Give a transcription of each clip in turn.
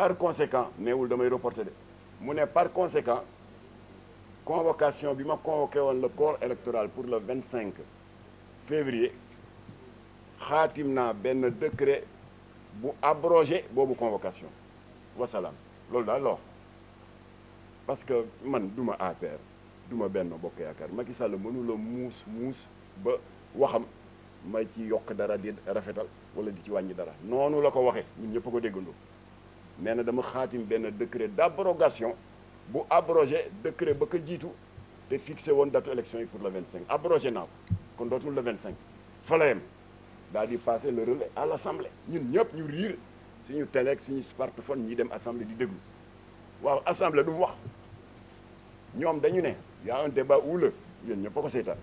par conséquent neewul damay reporter de mu ne par conséquent convocation bi ma convoqué woon la corps électoral pour le 25 février xaatim naa benn décret bu abrogé boobu convocation wasalaam loolu daal la wax parce que man duma APR duma benn Bokk Yaakaar ma Macky Sall mënula muus muus ba waxam may ci yokk dara di rafetal wala di ci wàññi dara noonu la ko waxee ñun ñëpp ko déggandoo nee na dama xaatim benn décret d'abrogation bu abrogé décret ba ko jiitu te fixé woon datu élection yi pour le 25 abrogé naa ko kon dootul le 25 fa la daal di passer le relais à l'assemblée ñun ñëpp ñu riir suñu teleek ak suñu smartphone ñi dem assemblée di déglu waaw assemblée du wax ñoom dañu ne y a un débat houleux yéen ñëpp ko seetaan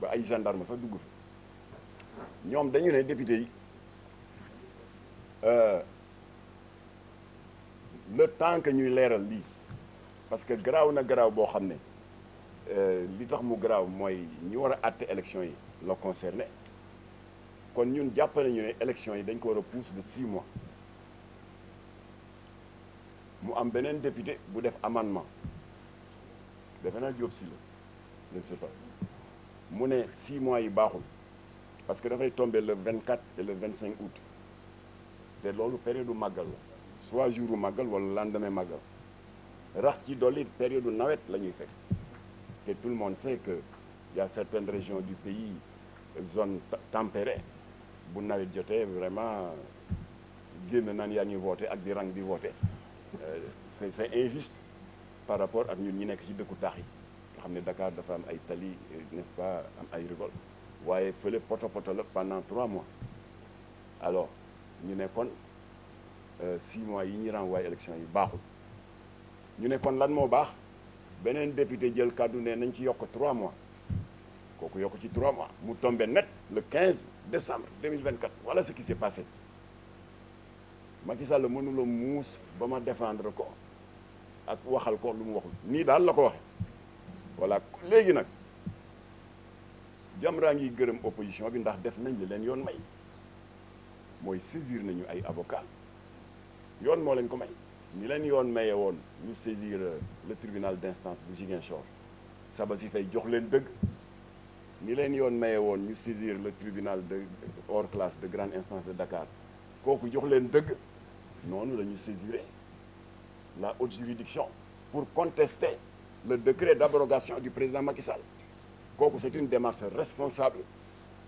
ba ay gendarme sax dugg fi ñoom dañu ne député yi. Euh, le temps que ñuy leeral lii parce que garaaw na garaaw boo xam ne euh, li tax mu garaaw mooy ñu war a àtte élection yi la concerné kon ñun jàpp nañu ne élection yi dañ ko war a pousse de six mois mu am beneen député bu def amendement defe naa Diop si la mu ne six mois yi baaxul parce que dafay tomber le vingt quatre et le vingt cinq août te loolu période màggal la. soit jour u màggal wala lendemain màggal rax ci dolli période nawet la ñuy fekk te tout le monde sait que ya a région régions du pays zone tempérée bu nawet jotee vraiment génn naan yaa ñuy woote ak di rang di woote euh, c'est c'est injuste par rapport ak ñun ñu nekk ci dëkku taax yi nga xam ne Dakar dafa am ay tali n'est-ce pas am ay rigole waaye fële poto poto la pendant trois mois alors ñu ne Euh, six mois yi ñuy renvoyé élection yi baaxul ñu ne kon lan moo baax beneen député jël kàddu nee nañ ci yokk trois mois kooku yokk ci trois mois mu tombe net le 15 décembre 2024 voilà ce qui s'est passé Macky Sall mënula muus ba ma défendre ko ak waxal ko lu mu waxul nii daal la ko waxe voilà léegi nag Jamra ngi gërëm opposition bi ndax def nañ li leen yoon may mooy saisir nañu ay avocat yoon moo leen ko may ni leen yoon maye woon ñu saisir euh, le tribunal d'instance bu Ziguinchor Sabasy fay jox leen dëgg ni leen yoon maye woon ñu saisir le tribunal de euh, hors classe de grande instance de Dakar kooku jox leen dëgg noonu la ñu saisir la haute juridiction pour contester le décret d'abrogation du président Macky Sall kooku c'est une démarche responsable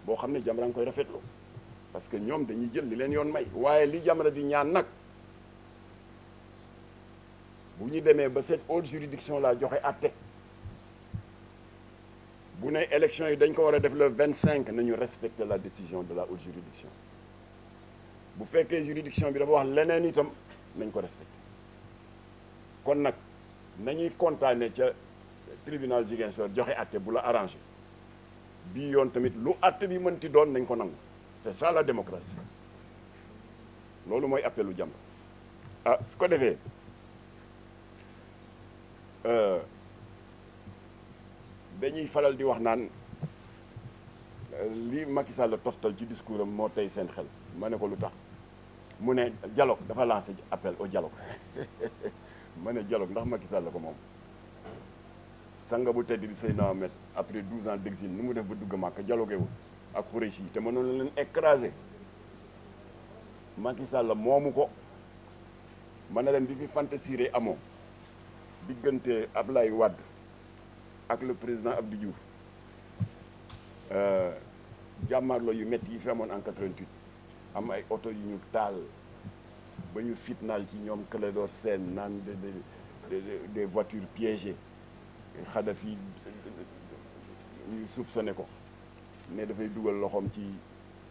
boo xam ne Jamra nga koy rafetlu parce que ñoom dañuy jël li leen yoon may waaye li Jamra di ñaan nag bu ñu demee ba cette haute juridiction laa joxe atte bu ne élection yi dañ ko war a def le vingt cinq nañu respecter la décision de la haute juridiction bu fekkee juridiction bi dafa wax leneen itam nañ ko respecter kon nag nañuy kontaane ca tribunal Ziguinchor joxe atte bu la arrangé bii yoon tamit lu àtte bi mënti doon nañ ko nangu c'est ça la démocratie loolu mooy appelu jàmm ah su ko defee Euh, dañuy faral di wax naan euh, li Macky Sall toftal ci discours am moo tey seen xel ma ne ko lu tax mu ne dialogue dafa lancé appel o dialogue ma ne dialogue ndax Macky Sall la ko moom sanga bu tedd bi Seydina Ahmed après 12 ans d'exil nu mu def ba dugg Màkka dialogué wu ak Khoureyssi te mënoon na leen écrasé Macky Sall moomu ko ma ne leen bi fi fantasiré amoo diggante Ablaye Wade ak le président Abdou Diouf euh, jàmmarloo yu métti yi fi amoon en 88 am ay oto yu ñu taal ba ñu fitnaal ci ñoom Clédor Sène naan de des voitures piégées Kadhafi ñu soupçonné ko ne dafay dugal loxoom ci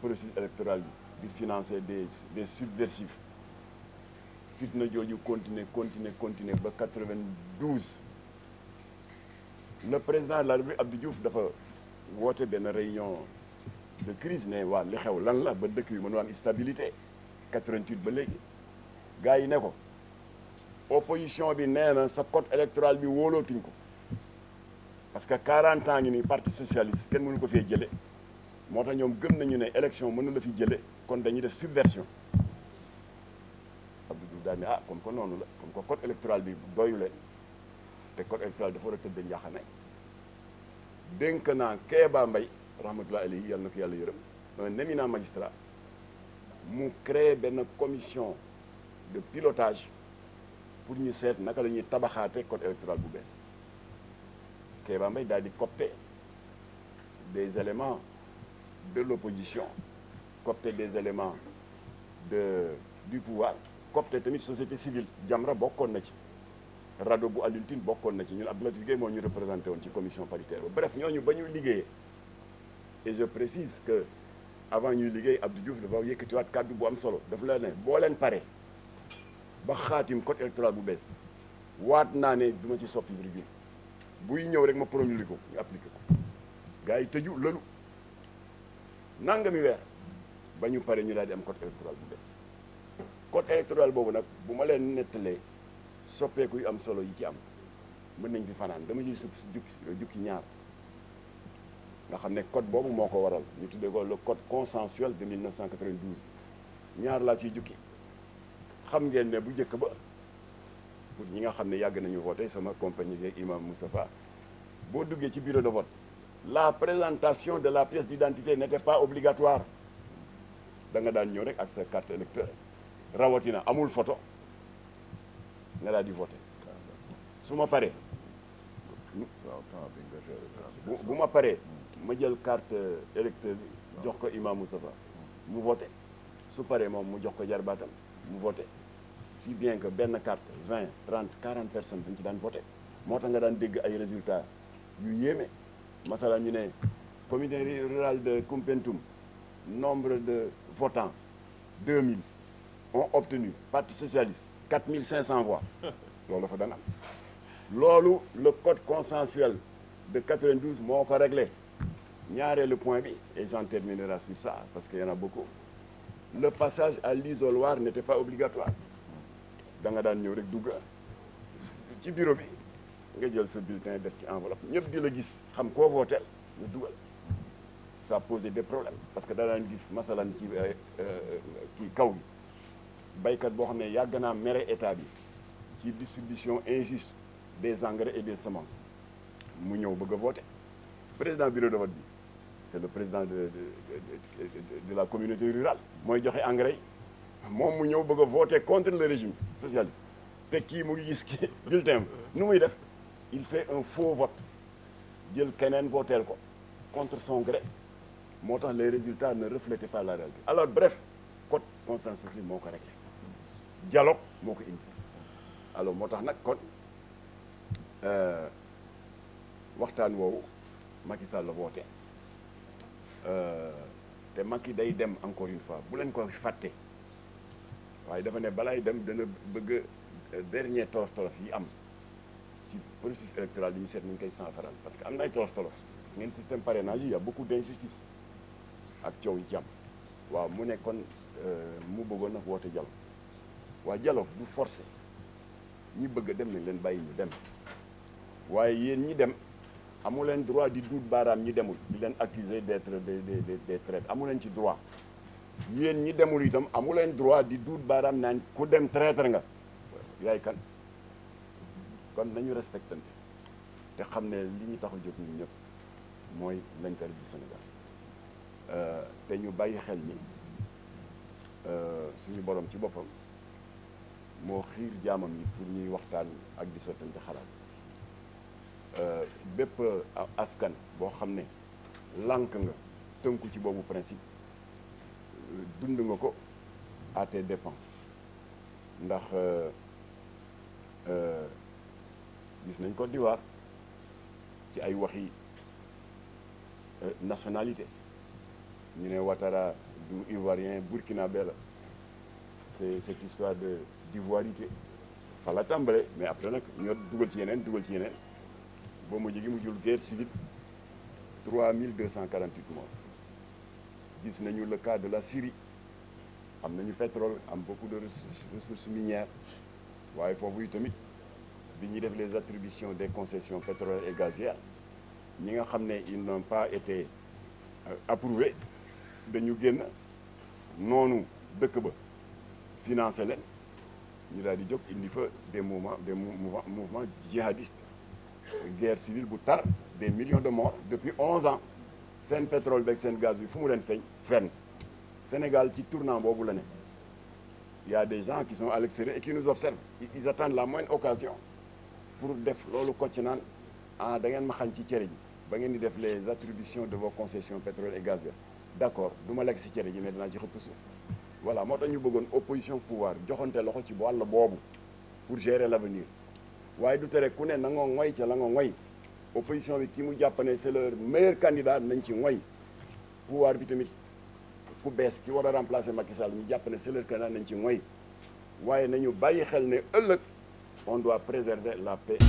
processus électoral bi di financer des des subversifs fitna jooju continuer continuer continuer ba 92 le président de la République Abdou Diouf dafa woote benn réunion de crise ne waa li xew lan la ba dëkk bi mënu am stabilité 88 ba léegi gars yi ne ko opposition bi nee na sa code électoral bi woolootuñ ko parce que 40 ans ngi nii parti socialiste kenn mënu ko fee jële moo tax ñoom gëm nañu ne élection mënu la fi jële kon dañuy def subversion daal ah comme que noonu la comme ko code électoral bi doyu leen te code électoral dafa war a tëdd njaaxanaay dénk naa Kéba Mbaye rahmatullah alayhi yàlla na ko yàlla yërëm un éminent mu créer benn commission de pilotage pour ñu seet naka la ñuy tabaxaate code électoral bu bees Kéba mbay daal di copter des éléments de l'opposition copter des éléments de du pouvoir copte tamit société civile Jamra bokkoon na ci rado bu Alioune Tine bokkoon na ci ñu ab Latif Guèye moo ñu représenté woon ci commission paritaire ba bref ñooñu ba ñu liggéeyee et je précise que avant ñuy liggéey Abdou Diouf dafa waat kàddu bu am solo daf la ne boo leen pare ba xaatim code électoral bu bees waat naa ne duma ci soppi virgule buy ñëw rek ma promulgué ko ñu appliqué ko gaa yi tëju lëlu nangami weer ba ñu pare ñu laa di am code électoral code électoral boobu nag bu ma leen nettalee soppeeku yu am solo yi ci am mën nañ fi fanaan dama ciy sub jukki jukki ñaar nga xam ne code boobu moo ko waral ñu tuddee ko le code consensuel de 1992 ñaar laa ciy jukki xam ngeen ne bu njëkk ba pour ñi nga xam ne yàgg nañu voté sama compagnie yeeg imam Moustapha boo duggee ci bureau de vote la présentation de la pièce d'identité n'était pas obligatoire da nga daan ñëw rek ak sa rawatina amul photo nga daal di voté su ma paree bu ma paree ma jël carte électeur bi jox ko imam Moustapha mu voté su paree moom mu jox ko jarbaatam mu voté si bien que benn carte vingt 30 quarante personne dañ ci daan voté moo tax nga daan dégg ay résultats yu yéeme masala ñu ne comité rural de Koumpentoum nombre de votants 2000 ont obtenu parti socialiste 4500 voix loolu fa daan am loolu le code consensuel de 92 moo ko réglé ñaareelu point bi et j'en terminerai sur ça parce qu'il y en a beaucoup le passage à l'isoloir n'était pas obligatoire da nga daan ñëw rek dugg ci bureau bi nga jël sa bulletin def ci enveloppe ñëpp di la gis xam koo vooteel nga dugal ça posait des problèmes parce que da daan gis masalan ci euh, euh, ki kaw bi baykat boo xam ne yàgg naa mere état bi ci distribution injuste des engrais et des semences mu ñëw bëgg a voté président bureau de vote bi c' est le président de la communauté rurale mooy joxe engrais moom mu ñëw bëgg a voté contre le régime socialiste te kii mu ngi gis kii bulletin nu muy def il fait un faux vote jël keneen voteel ko contre son gré moo tax les résultats ne reflétaient pas la réalité alors bref code consensus bi moo ko réglé jaloo moo ko moo tax nag kon euh, waxtaan woowu Macky Sall la woote euh, te Macky day dem encore une fois bu leen ko fàtte waaye dafa ne balaay dem dana bëgg euh, dernier tolof tolof yi am ci processus électoral yi ñu seet ni ñu koy saafaraal parce que am na ay tolof tolof ngeen système parrainage yi y a beaucoup d'injustice ak coow yi ci am waaw mu ne kon mu bëggoon nag woote dialogue waa dialogue du forcé ñi bëgg a dem nañ leen bàyyi ñu dem waaye yéen ñi dem amu leen droit di duut baaraam ñi demul di leen accuser d'être des des des traîtres ci droit yéen ñi demul itam amu leen droit di duut baaraam naan ku dem traître nga yaay kan kon nañu respectante te xam ne li ñu tax a jóg ñun ñëpp mooy l'intérêt du Sénégal euh, te ñu bàyyi xel ni euh, suñu borom ci boppam. moo xiir jaamam yi pour ñuy waxtaan ak di sottante xalaat euh, bépp euh, askan boo xam ne lànk nga tënku ci boobu principe euh, dund nga ko à tes dépens ndax gis nañ Côte d'Ivoire ci ay waxi nationalité ñu ne Ouattara du Ivoirien burkinabé la c'est cette histoire de d'ivoirité fa fala tàmbale mais après nag ñoo dugal ci yeneen dugal ci yeneen ba mujj gi mu jul guerre civile 3248 morts gis nañu le cas de la Syrie am nañu pétrole am beaucoup de ressources minières waaye foofu yi tamit bi ñuy def les attributions des concessions pétrolières et gazières ñi nga xam ne ils n'ont pas été euh, approuvés dañu génn noonu dëkk ba financé leen ñu daal di jóg indi fa des mouvements des mouvements jihadistes guerre civile bu tar de millions de morts depuis onze ans seen pétrole beeg seen gaz bi fu mu leen feeñ fenn Sénégal ci tournant boobu la ne y a des gens qui sont à l'extérieur et qui nous observent ils attendent la moindre occasion pour def loolu kocc naan ah da ngeen ma xañ ci cere ji ba ngeen di def les attributions de vos concessions pétrole et gazières d'accord du ma lekk si cere ji mais danaa ci xëpp voilà moo tax ñu bëggoon opposition pouvoir joxonte loxo ci wàll boobu pour gérer l'avenir waaye du tere ku ne na nga ngoy ca la nga ngoy opposition bi ki mu jàpp ne c'est le meilleur nañ ci ngoy pouvoir bi tamit ku bees ki war a remplacer Macky Sall ñu jàpp ne c'est le nañ ci ngoy waaye nañu bàyyi xel ne ëllëg on doit préserver la paix